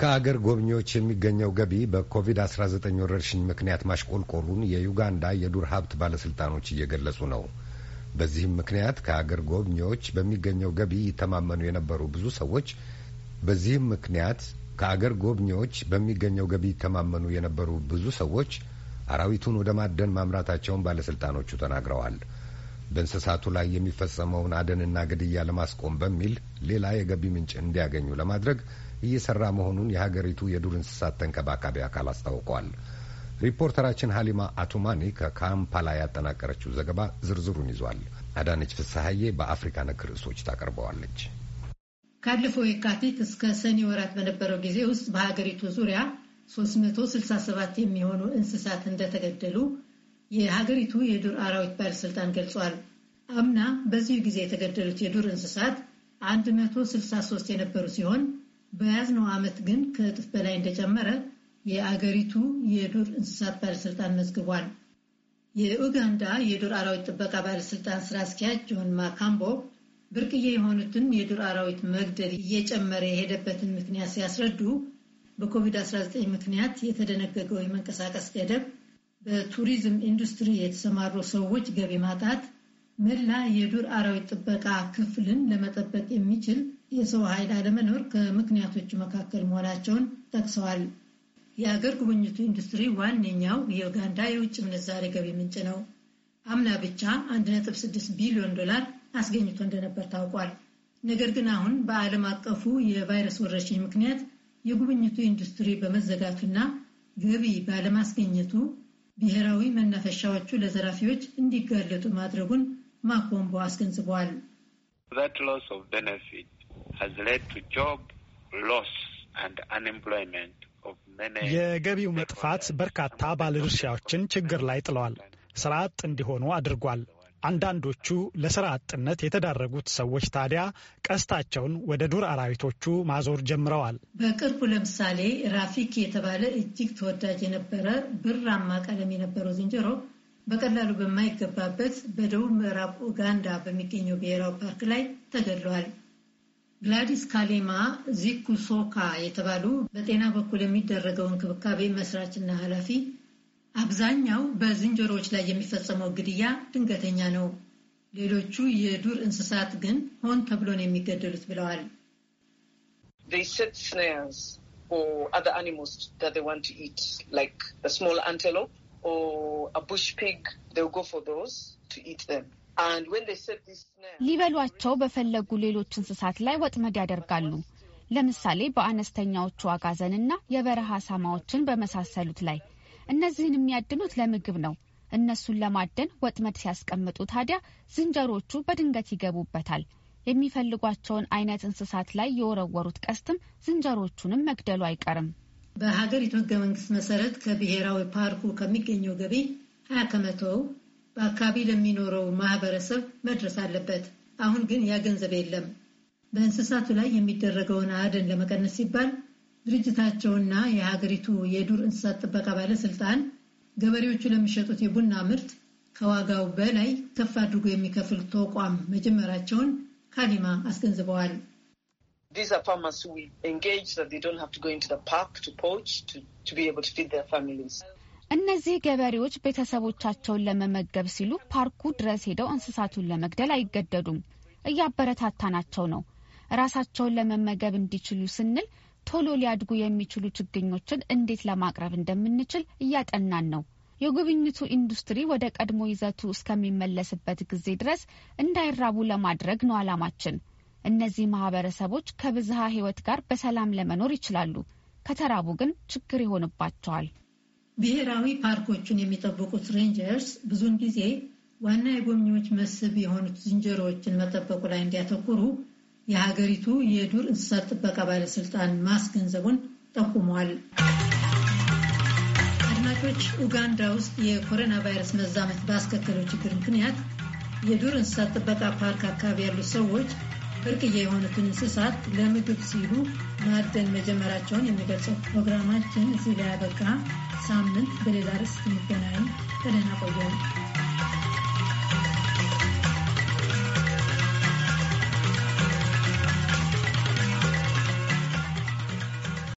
ከአገር ጎብኚዎች የሚገኘው ገቢ በኮቪድ-19 ወረርሽኝ ምክንያት ማሽቆልቆሉን የዩጋንዳ የዱር ሀብት ባለስልጣኖች እየገለጹ ነው። በዚህም ምክንያት ከአገር ጎብኚዎች በሚገኘው ገቢ ይተማመኑ የነበሩ ብዙ ሰዎች በዚህም ምክንያት ከአገር ጎብኚዎች በሚገኘው ገቢ ይተማመኑ የነበሩ ብዙ ሰዎች አራዊቱን ወደ ማደን ማምራታቸውን ባለስልጣኖቹ ተናግረዋል። በእንስሳቱ ላይ የሚፈጸመውን አደንና ግድያ ለማስቆም በሚል ሌላ የገቢ ምንጭ እንዲያገኙ ለማድረግ እየሰራ መሆኑን የሀገሪቱ የዱር እንስሳት ተንከባካቢ አካል አስታውቋል። ሪፖርተራችን ሀሊማ አቱማኒ ከካምፓላ ያጠናቀረችው ዘገባ ዝርዝሩን ይዟል። አዳነች ፍስሐዬ በአፍሪካ ነክ ርዕሶች ታቀርበዋለች። ካለፈው የካቲት እስከ ሰኔ ወራት በነበረው ጊዜ ውስጥ በሀገሪቱ ዙሪያ 367 የሚሆኑ እንስሳት እንደተገደሉ የሀገሪቱ የዱር አራዊት ባለስልጣን ገልጿል። አምና በዚሁ ጊዜ የተገደሉት የዱር እንስሳት 163 የነበሩ ሲሆን በያዝነው ዓመት ግን ከእጥፍ በላይ እንደጨመረ የአገሪቱ የዱር እንስሳት ባለስልጣን መዝግቧል። የኡጋንዳ የዱር አራዊት ጥበቃ ባለስልጣን ስራ አስኪያጅ ጆን ማካምቦ ብርቅዬ የሆኑትን የዱር አራዊት መግደል እየጨመረ የሄደበትን ምክንያት ሲያስረዱ በኮቪድ-19 ምክንያት የተደነገገው የመንቀሳቀስ ገደብ፣ በቱሪዝም ኢንዱስትሪ የተሰማሩ ሰዎች ገቢ ማጣት መላ የዱር አራዊት ጥበቃ ክፍልን ለመጠበቅ የሚችል የሰው ኃይል አለመኖር ከምክንያቶቹ መካከል መሆናቸውን ጠቅሰዋል። የአገር ጉብኝቱ ኢንዱስትሪ ዋነኛው የኡጋንዳ የውጭ ምንዛሬ ገቢ ምንጭ ነው። አምና ብቻ 1.6 ቢሊዮን ዶላር አስገኝቶ እንደነበር ታውቋል። ነገር ግን አሁን በዓለም አቀፉ የቫይረስ ወረርሽኝ ምክንያት የጉብኝቱ ኢንዱስትሪ በመዘጋቱና ገቢ ባለማስገኘቱ ብሔራዊ መናፈሻዎቹ ለዘራፊዎች እንዲጋለጡ ማድረጉን ማኮምቦ አስገንዝበዋል። የገቢው መጥፋት በርካታ ባለድርሻዎችን ችግር ላይ ጥለዋል፣ ስራ አጥ እንዲሆኑ አድርጓል። አንዳንዶቹ ለስራ አጥነት የተዳረጉት ሰዎች ታዲያ ቀስታቸውን ወደ ዱር አራዊቶቹ ማዞር ጀምረዋል። በቅርቡ ለምሳሌ ራፊክ የተባለ እጅግ ተወዳጅ የነበረ ብራማ ቀለም የነበረው ዝንጀሮ በቀላሉ በማይገባበት በደቡብ ምዕራብ ኡጋንዳ በሚገኘው ብሔራዊ ፓርክ ላይ ተገድሏል። ግላዲስ ካሌማ ዚኩሶካ የተባሉ በጤና በኩል የሚደረገው እንክብካቤ መስራችና ኃላፊ፣ አብዛኛው በዝንጀሮዎች ላይ የሚፈጸመው ግድያ ድንገተኛ ነው፣ ሌሎቹ የዱር እንስሳት ግን ሆን ተብሎ ነው የሚገደሉት ብለዋል። ሊበሏቸው በፈለጉ ሌሎች እንስሳት ላይ ወጥመድ ያደርጋሉ። ለምሳሌ በአነስተኛዎቹ አጋዘንና የበረሃ ሳማዎችን በመሳሰሉት ላይ። እነዚህን የሚያድኑት ለምግብ ነው። እነሱን ለማደን ወጥመድ ሲያስቀምጡ ታዲያ ዝንጀሮቹ በድንገት ይገቡበታል። የሚፈልጓቸውን አይነት እንስሳት ላይ የወረወሩት ቀስትም ዝንጀሮቹንም መግደሉ አይቀርም። በሀገሪቱ ሕገ መንግስት መሰረት ከብሔራዊ ፓርኩ ከሚገኘው ገቢ ሀያ ከመቶው በአካባቢ ለሚኖረው ማህበረሰብ መድረስ አለበት። አሁን ግን ያ ገንዘብ የለም። በእንስሳቱ ላይ የሚደረገውን አደን ለመቀነስ ሲባል ድርጅታቸውና የሀገሪቱ የዱር እንስሳት ጥበቃ ባለስልጣን ገበሬዎቹ ለሚሸጡት የቡና ምርት ከዋጋው በላይ ከፍ አድርጎ የሚከፍል ተቋም መጀመራቸውን ካሊማ አስገንዝበዋል። እነዚህ ገበሬዎች ቤተሰቦቻቸውን ለመመገብ ሲሉ ፓርኩ ድረስ ሄደው እንስሳቱን ለመግደል አይገደዱም። እያበረታታናቸው ነው። ራሳቸውን ለመመገብ እንዲችሉ ስንል ቶሎ ሊያድጉ የሚችሉ ችግኞችን እንዴት ለማቅረብ እንደምንችል እያጠናን ነው። የጉብኝቱ ኢንዱስትሪ ወደ ቀድሞ ይዘቱ እስከሚመለስበት ጊዜ ድረስ እንዳይራቡ ለማድረግ ነው ዓላማችን። እነዚህ ማህበረሰቦች ከብዝሃ ሕይወት ጋር በሰላም ለመኖር ይችላሉ። ከተራቡ ግን ችግር ይሆንባቸዋል። ብሔራዊ ፓርኮቹን የሚጠብቁት ሬንጀርስ ብዙውን ጊዜ ዋና የጎብኚዎች መስህብ የሆኑት ዝንጀሮዎችን መጠበቁ ላይ እንዲያተኩሩ የሀገሪቱ የዱር እንስሳት ጥበቃ ባለስልጣን ማስገንዘቡን ጠቁሟል። አድማጮች፣ ኡጋንዳ ውስጥ የኮሮና ቫይረስ መዛመት ባስከተለው ችግር ምክንያት የዱር እንስሳት ጥበቃ ፓርክ አካባቢ ያሉ ሰዎች ብርቅዬ የሆኑትን እንስሳት ለምግብ ሲሉ ማደን መጀመራቸውን የሚገልጸው ፕሮግራማችን እዚህ ላይ ያበቃ። ሳምንት በሌላ ርዕስ እንገናኝ። በደህና ቆዩ።